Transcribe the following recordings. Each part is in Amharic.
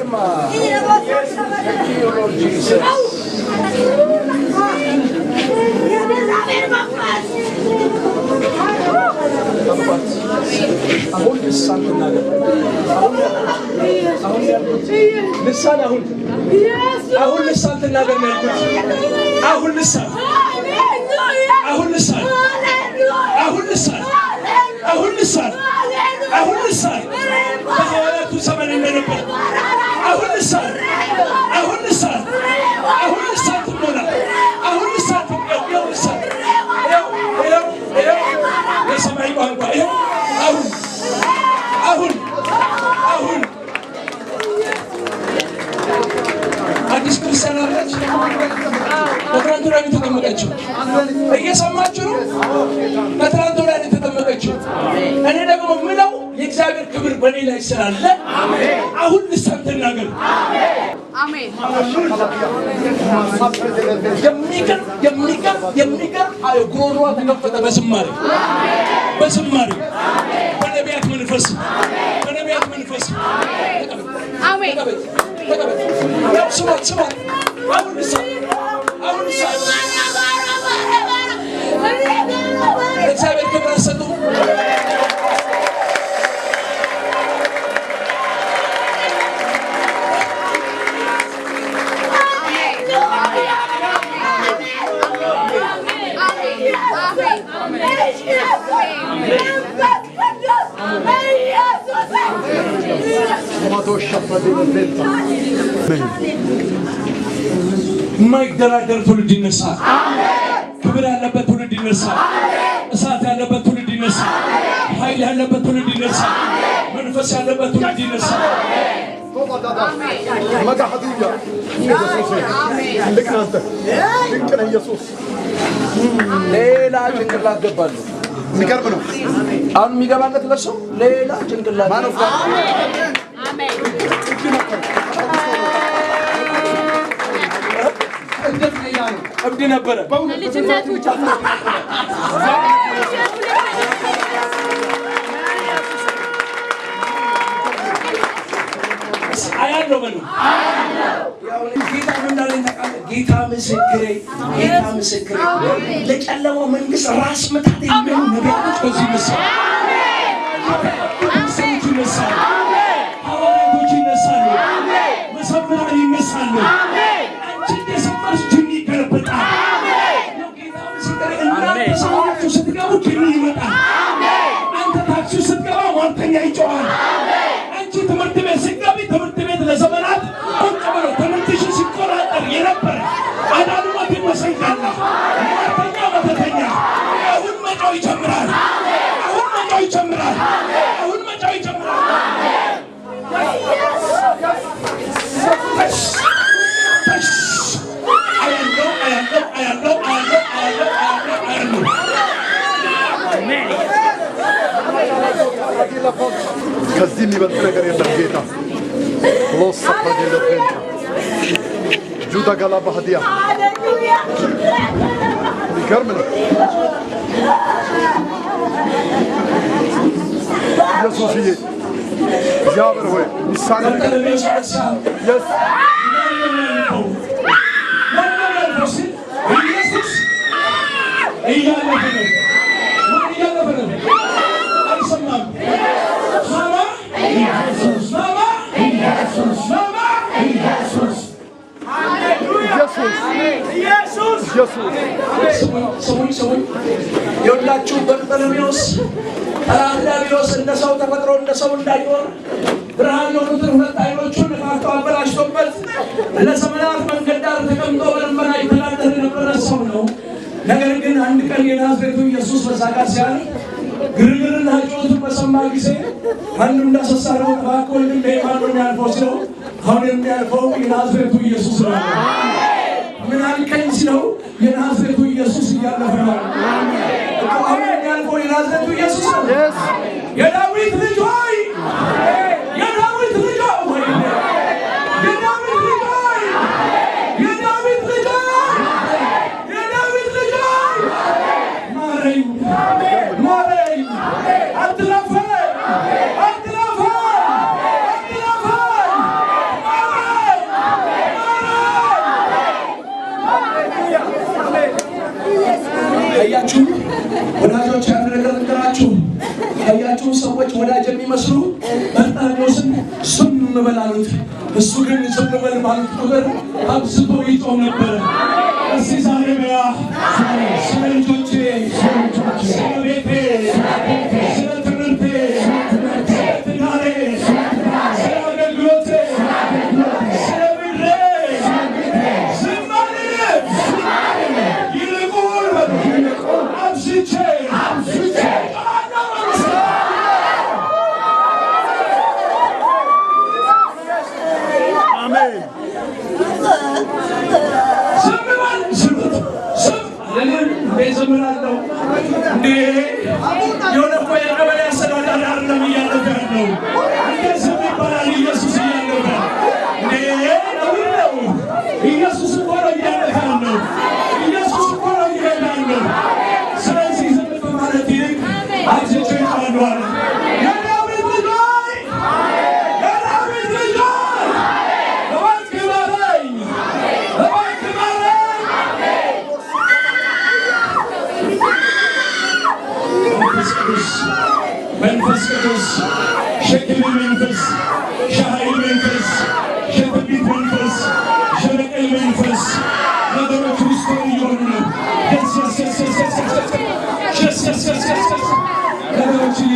ferma! اهون لسان بنادر لسان اهون اهون لسان تنادر من الكل اهون لسان اهون لسان اهون لسان አሁን ልሳን አሁን ልሳን በሐዋርያቱ ዘመን እንደነበር አሁን ልሳት አሁን ልሳት አሁን ልሳት ሞላ አሁን ልሳት ያው ልሳት የሰማይ ቋንቋ አሁን አሁን አሁን አዲስ ክርስቲያን አለች በግራንቱራ ተቀመጠችው እየሰማችሁ በእኔ ላይ ስላለ አሁን ልሳን ተናገር። የሚገርም የሚገርም የሚገርም ጉሮሮዋ ተከፈተ። በነቢያት መንፈስ በነቢያት መንፈስ ስማት ስማት አሁን ልሳን አሁን ልሳን እግዚአብሔር ክብር የሚደራደር ትውልድ ይነሳል። ክብር ያለበት ትውልድ ይነሳል። እሳት ያለበት ትውልድ ይነሳል። ኃይል ያለበት ትውልድ ይነሳል። መንፈስ ያለበት ትውልድ ይነሳል። ኢየሱስ ሌላ ጭንቅላት ገባሉ። የሚገርም ነው። አሁን የሚገባለት ለሰው ሌላ ጭንቅላት እብድ ነበረ። አያለው በሉ ጌታ ምስክሬ፣ ጌታ ምስክሬ ለጨለማው መንግስት ራስ ምታት የሚሆኑ ነገሮች በዚህ ከፍተኛ ይጮሃል። كازيني بالفكر يلا بقيتها خلاص الصفحه ديال بقيتها جوده قالها بهديه كرمل يا صوفية جابر وين نستعمل يس إيانا ኢየሱስ ኢየሱስ ኢየሱስ ሰው ሰው የሁላችሁ በርጠለሜዎስ አራዳቢዎስ እንደ ሰው ተፈጥሮ እንደ ሰው እንዳይሆን ብርሃን የሆኑትን ሁለት አይኖቹን አበላሽቶበት ለዘመናት መንገድ ዳር ተቀምጦ በልመና ይተዳደር የነበረ ሰው ነው። ነገር ግን አንድ ቀን የናዝሬቱ ኢየሱስ በዛ ጋር ሲያል ግርግርና ጩኸቱን በሰማ ጊዜ አንዱ ሲለው አሁን የሚያልፈው የናዝሬቱ ኢየሱስ ነው። ምን አልከኝ ስለው የናዝሬቱ ኢየሱስ እያለፈ ነው። አሁን የሚያልፈው የናዝሬቱ ኢየሱስ ነው። የዳዊት ልጅ አያችሁ ወዳጆች፣ ያን ነገር ልንገራችሁ። አያችሁ ሰዎች ወዳጅ የሚመስሉ በርጣኒዎስን ዝም በል አሉት። እሱ ግን ዝም በል ባሉት ቁጥር አብዝቶ ይጮህ ነበረ። እስቲ ዛሬ በያ ስለ ልጆቼ፣ ስለ ቤቴ አስተምራለሁ እንዴ የሆነ እኮ የቀበሌ አስተዳዳሪ አይደለም እያለሁ ያለው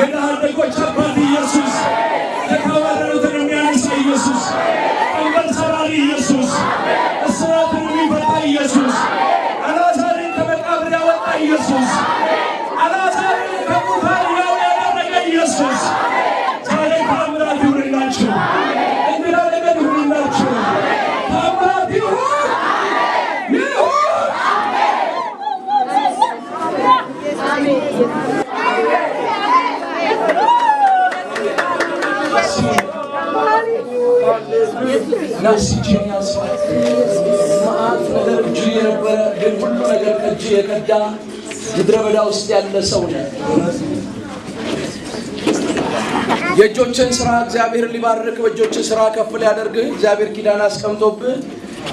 የዳህር በጎች አባት ኢየሱስ፣ የተዋረዱትን የሚያነሳ ኢየሱስ፣ ቀንበር ሰባሪ ኢየሱስ፣ እስራትን የሚፈታ ኢየሱስ፣ አልዓዛርን ከመቃብር ያወጣ ኢየሱስ ናስቼን ያስፋል። መዓት ነገር እጅ የነበረ ግን ሁሉ ነገር ከእጅ የቀዳ ምድረ በዳ ውስጥ ያለ ሰው ነው። የእጆችን ስራ እግዚአብሔር ሊባርክ በእጆችን ስራ ከፍ ሊያደርግህ እግዚአብሔር ኪዳን አስቀምጦብህ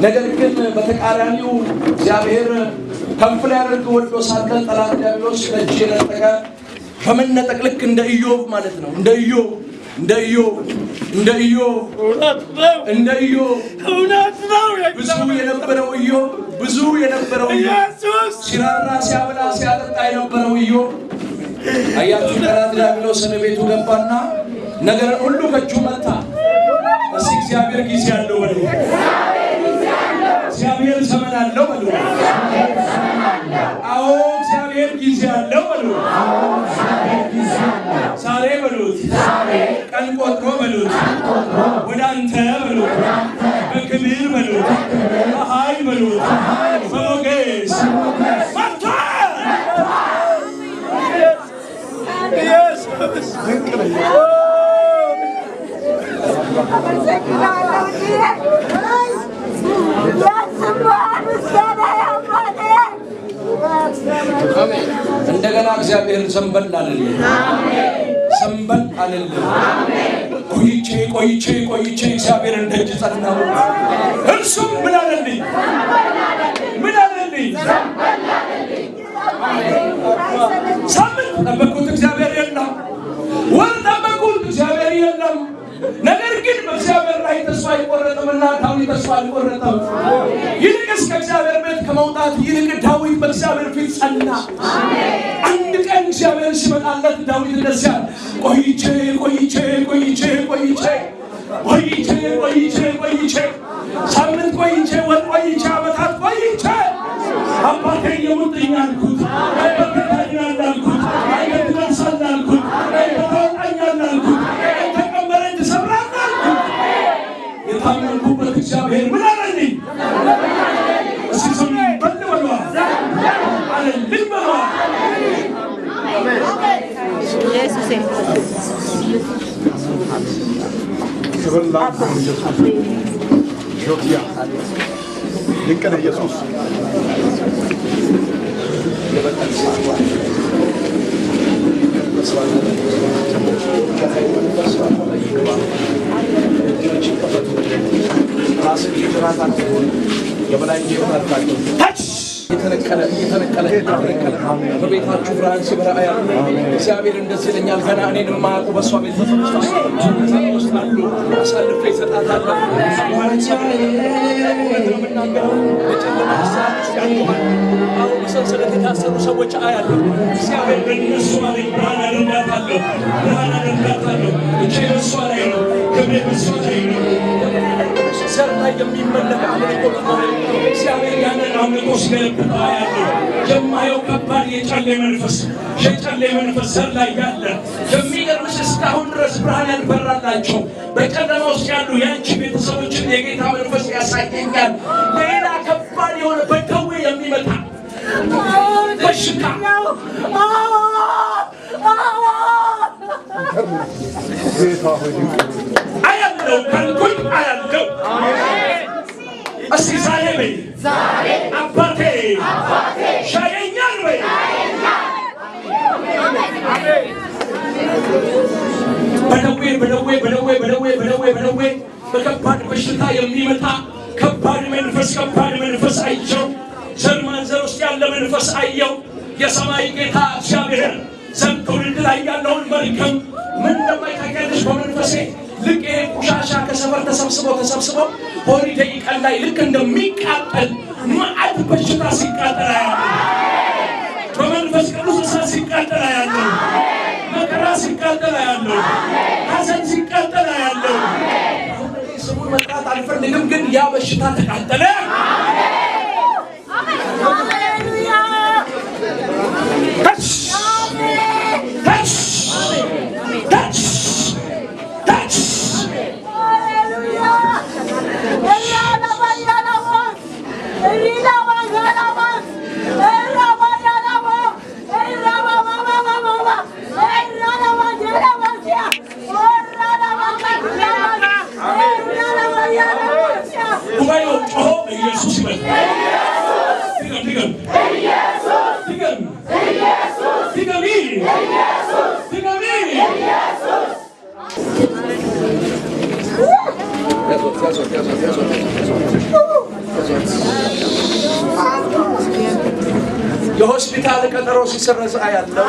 ነገር ግን በተቃራኒው እግዚአብሔር ከፍ ሊያደርግህ ወዶ ሳለ ጠላት ዲያብሎስ ከእጅ የነጠቀ በመነጠቅ ልክ እንደ ኢዮብ ማለት ነው እንደ ኢዮብ እንደ ኢዮብ እንደ ኢዮ እንደ ኢዮ እውነት ነው። ብዙ የነበረው ኢዮ ብዙ የነበረው ኢዮ ሲራራ ሲያበላ ሲያጠጣ የነበረው ኢዮ አያችሁ፣ ጠላት ዲያብሎስን ቤቱ ገባና ነገር ሁሉ በእጁ መታ። እስኪ እግዚአብሔር ጊዜ ያለው በሉ፣ እግዚአብሔር ዘመን አለው በሉ። አዎ እግዚአብሔር ጊዜ ያለው በሉ። ዛሬ በሉ ቀን ቆጥሮ በሉት፣ ወደ አንተ በሉት፣ በክብር በሉት፣ በኃይል በሉት፣ በሞገስ እንደገና እግዚአብሔርን ዘንበል አለን። ይመል አለል ቆይቼ ቆይቼ ቆይቼ እግዚአብሔር እንደጅ ጸልናው እርሱም ብላ አልቆረጠም፣ እናንታዊ ተስፋ አልቆረጠም። ይልቅስ ከእግዚአብሔር ቤት ከመውጣት ይልቅ ዳዊት በእግዚአብሔር ፊት ጸና። አንድ ቀን እግዚአብሔር ሲመጣለት ዳዊት እንደዚያ ቆይቼ ቆይቼ ቆይቼ ቆይቼ ቆይቼ ቆይቼ ቆይቼ ሳምንት ቆይቼ ወር ቆይቼ ዓመታት ቆይቼ አባቴ የሙጥኛ አልኩት አባቴ እንዳልኩት Jeesuse ድንቅን ኢየሱስ የበላይ ታች የተነቀለ የተነቀለ የተነቀለ በቤታችሁ ብርሃን ሲበራ ያሉ እግዚአብሔር እንደዚህ ይለኛል። ገና እኔን የማያውቁ በእሷ ቤት ውስጥ አሉ። አሳልፌ በሰንሰለት የታሰሩ ሰዎች አያለሁ። እግዚአብሔር ብርሃን አደርጋታለሁ። ብርሃን አደርጋታለሁ። እጄ ላይ ነው። ክብሬ በእሷ ላይ ነው። ዘር ላይ የሚመለክ አምልኮ ነው። እግዚአብሔር ያንን አምልኮ ሲገለብጥ ያለ የማየው ከባድ የጨሌ መንፈስ የጨሌ መንፈስ ዘር ላይ ያለ የሚገርምሽ እስካሁን ድረስ ብርሃን ያልበራላቸው በጨለማ ውስጥ ያሉ የአንቺ ቤተሰቦችን የጌታ መንፈስ ያሳየኛል። ሌላ ከባድ የሆነ በደዌ የሚመጣ በሽታ አያለው ካልኩኝ አያለው እስኪ ዛሬ በይ አባቴ ሻየኛል በይ በደዌ በደዌ በደዌ በደዌ በደዌ በደዌ በከባድ በሽታ የሚመጣ ከባድ መንፈስ ከባድ መንፈስ አየው። ዘር ዘርማንዘር ውስጥ ያለ መንፈስ አየው። የሰማይ ጌታ እግዚአብሔር ዘንድ ትውልድ ላይ ያለውን መልከም ምን እንደማይታያለሽ በመንፈሴ ልክ ይሄ ቆሻሻ ከሰፈር ተሰብስቦ ተሰብስቦ ሆሊዴይ ቀን ላይ ልክ እንደሚቃጠል ማዕድ በሽታ ሲቃጠል አያለሁ። በመንፈስ ቅዱስ እሳት ሲቃጠል አያለሁ። መከራ ሲቃጠል አያለሁ። ሐዘን ሲቃጠል አያለሁ። ስሙን መጥራት አልፈልግም፣ ግን ያ በሽታ ተቃጠለ። አሜን። የሆስፒታል ቀጠሮ ሲሰረዝ አያለው።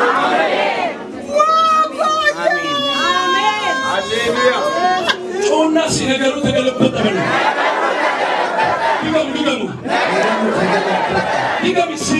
ጮና ሲነገሩ ተገለበጠ። ድገሙ ድገሙ ድገሙ ሲ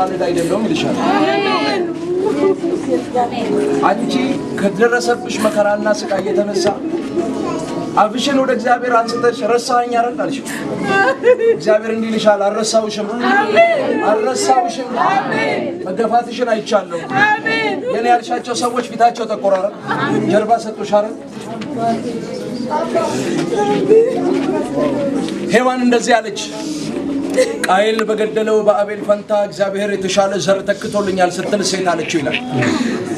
የተዋረደ አይደለውም ይልሻል። አንቺ ከደረሰብሽ መከራና ስቃይ የተነሳ አፍሽን ወደ እግዚአብሔር አንስተሽ ረሳኸኝ አይደል አልሽ። እግዚአብሔር እንዲህ ይልሻል፣ አልረሳሁሽም፣ አልረሳሁሽም፣ መገፋትሽን አይቻለሁ። ግን ያልሻቸው ሰዎች ፊታቸው ጠቆረ ጀርባ ሰጡሽ አይደል። ሔዋን እንደዚህ አለች። ቃይል በገደለው በአቤል ፈንታ እግዚአብሔር የተሻለ ዘር ተክቶልኛል ስትል ሴት አለችው ይላል።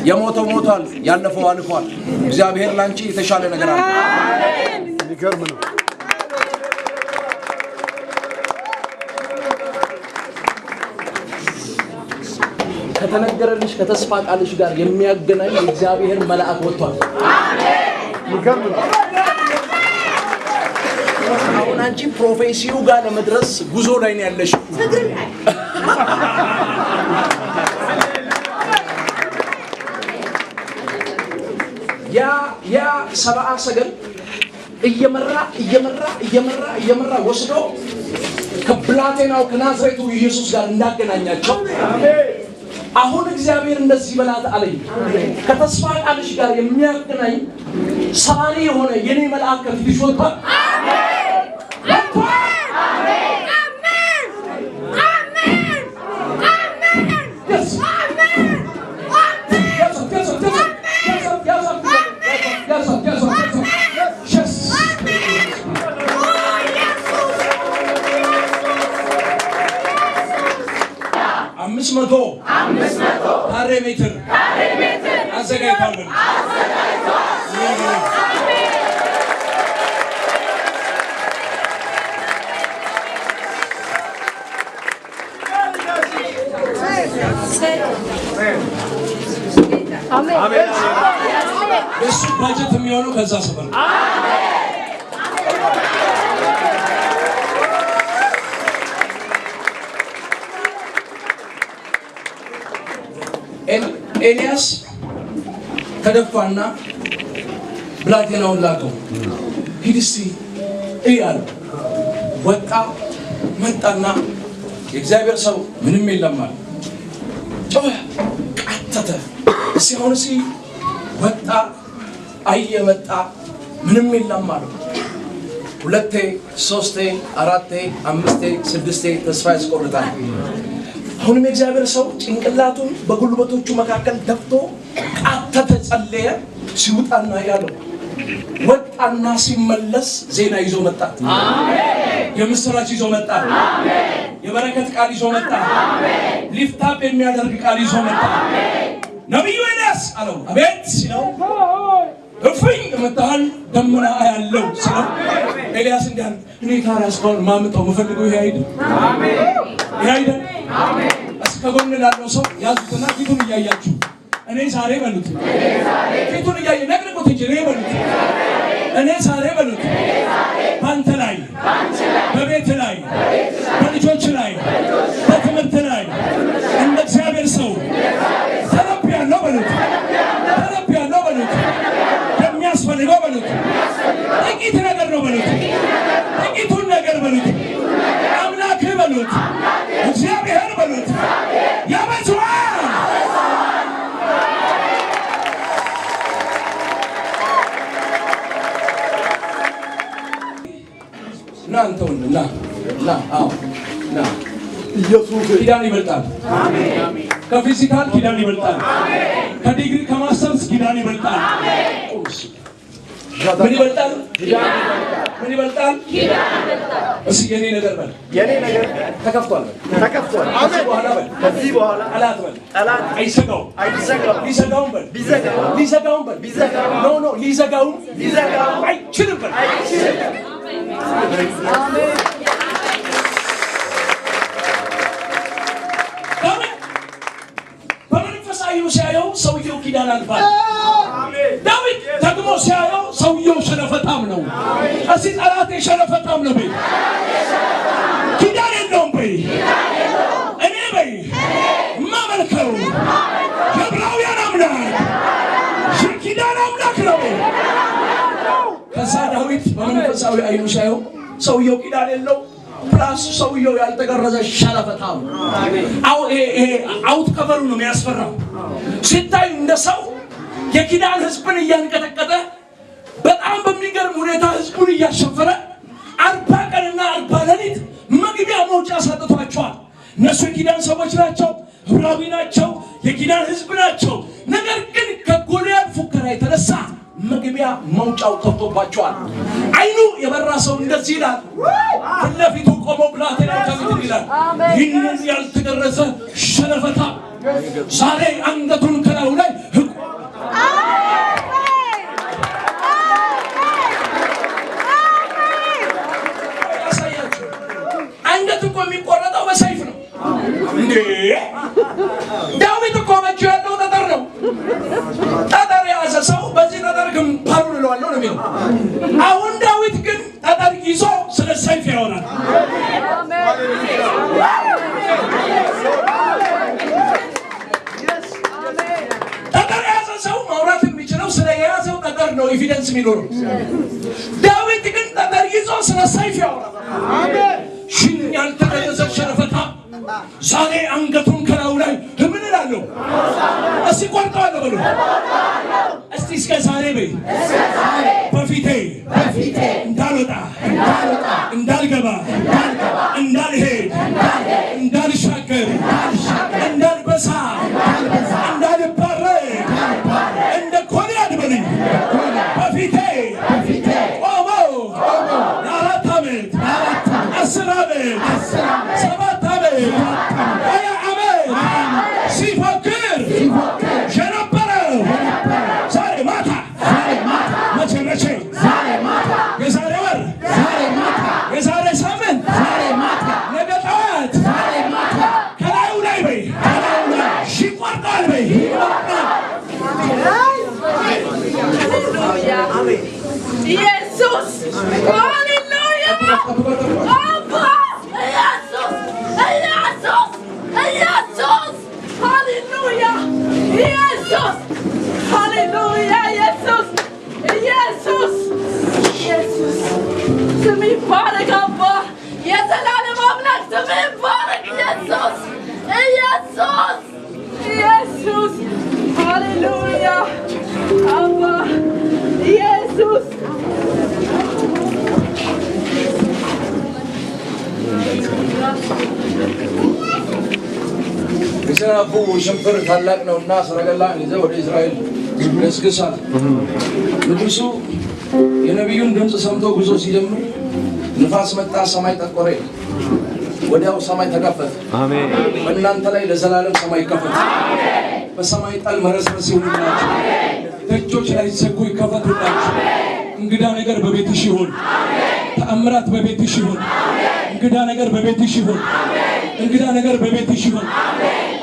የሞተው ሞቷል፣ ያለፈው አልፏል። እግዚአብሔር ላንቺ የተሻለ ነገር አለ። የሚገርም ነው። ከተነገረልሽ ከተስፋ ቃልሽ ጋር የሚያገናኝ እግዚአብሔር መልአክ ወጥቷል። አሁን አንቺ ፕሮፌሲው ጋር ለመድረስ ጉዞ ላይ ነው ያለሽ። ያ ያ ሰብአ ሰገል እየመራ እየመራ እየመራ እየመራ ወስዶ ከብላቴናው ከናዝሬቱ ኢየሱስ ጋር እንዳገናኛቸው አሁን እግዚአብሔር እንደዚህ በላት አለኝ። ከተስፋ ቃልሽ ጋር የሚያገናኝ ሰባኔ የሆነ የኔ መልአክ ከፊትሽ ወጥቷል። መቶ ካሬ ሜትር አዘጋጅቷል። የእሱ ባጀት የሚሆነው ከዛ ሰፈር ነው። ተደፋና ብላቴናውን ላከው። ሂድሲ እስኪ እይ ወጣ መጣና የእግዚአብሔር ሰው ምንም የለማል። አለ። ጮኸ፣ ቃተተ። እስኪ አሁን እስኪ ወጣ አየ፣ መጣ ምንም የለም አለው። ሁለቴ፣ ሶስቴ፣ አራቴ፣ አምስቴ፣ ስድስቴ ተስፋ ያስቆርጣል። አሁንም የእግዚአብሔር ሰው ጭንቅላቱን በጉልበቶቹ መካከል ደፍቶ ቃተተ፣ ጸለየ። ሲውጣና ያለው ወጣና ሲመለስ ዜና ይዞ መጣ። የምስራች ይዞ መጣ። የበረከት ቃል ይዞ መጣ። ሊፍታፕ የሚያደርግ ቃል ይዞ መጣ። ነቢዩ ኤልያስ አለው አቤት ሲለው እፍኝ እመታሃል ደመና አያለው ሲለው ኤልያስ እንዲህ እኔ ታዲያ እስካሁን ማምጠው የምፈልገው ይሄ አይደል ይሄ አይደል እስከ ጎን ላለው ሰው ያዙትና ፊቱን እያያችሁ እኔ ዛሬ በሉት። ፊቱን እያየ ነቅንቁት እንጂ እኔ በሉት። እኔ ዛሬ በሉት በኢየሱስ ኪዳን ይበልጣል። ከፊዚካል ኪዳን ይበልጣል። ከዲግሪ ከማስተርስ ኪዳን ይበልጣል። ምን ይበልጣል? ምን ይበልጣል? እሺ የኔ ነገር በል፣ የኔ ነገር ተከፍቷል፣ ተከፍቷል። ከዚህ በኋላ በል፣ ከዚህ በኋላ ጠላት በል፣ ጠላት አይሰጋውም፣ አይሰጋውም። ሊሰጋውም በል፣ ቢዘጋውም፣ ሊዘጋውም በል፣ ቢዘጋውም፣ ኖ ኖ፣ ሊዘጋውም፣ ሊዘጋውም አይችልም በል፣ አይችልም። አሜን ሰውየው ኪዳን አልፋል። ዳዊት ደግሞ ሲያየው ሰውየው ሸለፈታም ነው። እሲ ጠላት የሸረፈታም ነው በይ፣ ኪዳን የለውም በይ፣ እኔ በይ ማመልከው የዕብራውያን አምላክ የኪዳን አምላክ ነው። ከዛ ዳዊት በመንፈሳዊ አይኑ ሲያየው ሰውየው ኪዳን የለው ፕላስ ሰውየው ያልተገረዘ ሸለፈታም አውት ከበሩ ነው የሚያስፈራው ሲታይ እንደ ሰው የኪዳን ህዝብን እያንቀጠቀጠ በጣም በሚገርም ሁኔታ ህዝቡን እያሸፈረ አርባ ቀንና አርባ ሌሊት መግቢያ መውጫ ሳጥቷቸዋል። እነሱ የኪዳን ሰዎች ናቸው፣ ህብራዊ ናቸው፣ የኪዳን ህዝብ ናቸው። ነገር ግን ከጎልያድ ፉከራ የተነሳ መግቢያ መውጫው ከፍቶባቸዋል። አይኑ የበራ ሰው እንደዚህ ይላል። ፊት ለፊቱ ቆሞ ብላቴናው ይላል። ይህንን ያልተገረዘ ሸለፈታ ዛሬ አንገ የሚኖረው። ዳዊት ግን ነገር ይዞ ስለ ሰይፍ ያወራል። ሽን ያልተገለጸ ሸረፈታ ዛሬ አንገቱን ከላዩ ላይ ምን እላለሁ? እስቲ ቆርጠዋለሁ በሉ። እስቲ እስከ ዛሬ በይ በፊቴ እንዳልወጣ እንዳልገባ እንዳልሄድ እንዳልሻገር እንዳልበሳ አመት ሰባት አመት ሀያ አመት ሲፎክር የነበረው ዛሬ ማታ መቼ መቼ የዛሬ ወር የዛሬ ሳምንት ነገ ጠዋት ከላዩ ላይ በይ ይቆርጣል ኢየሱስ አፉ ሽንፍር ታላቅ ነው እና ሰረገላን ይዘህ ወደ እስራኤል ገስግሳት። ንጉሱ የነቢዩን ድምፅ ሰምቶ ጉዞ ሲጀምር ንፋስ መጣ፣ ሰማይ ጠቆረ። ወዲያው ሰማይ ተከፈተ። በእናንተ ላይ ለዘላለም ሰማይ ይከፈት። በሰማይ ጣል መረስረስ ይሁንላችሁ። ደጆች ላይ ዘጉ ይከፈቱላችሁ። እንግዳ ነገር በቤትሽ ይሁን። ተአምራት በቤትሽ ይሁን። እንግዳ ነገር በቤትሽ ይሁን። እንግዳ ነገር በቤትሽ ይሁን።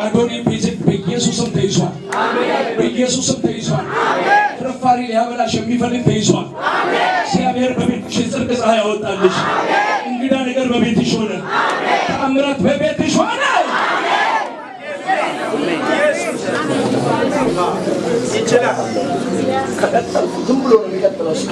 አዶኒ ፊዚክ በኢየሱስም ተይዟል። በኢየሱስም ተይዟል። ፍርፋሪ ሊያበላሽ የሚፈልግ ተይዟል። እግዚአብሔር በቤትሽ የጽድቅ ፀሐይ ያወጣልሽ። እንግዳ ነገር በቤትሽ ሆነ። ተአምራት በቤትሽ ሆነ። ይችላል ከቀጠልኩ ዝም ብሎ ነው የሚቀጥለው። እስከ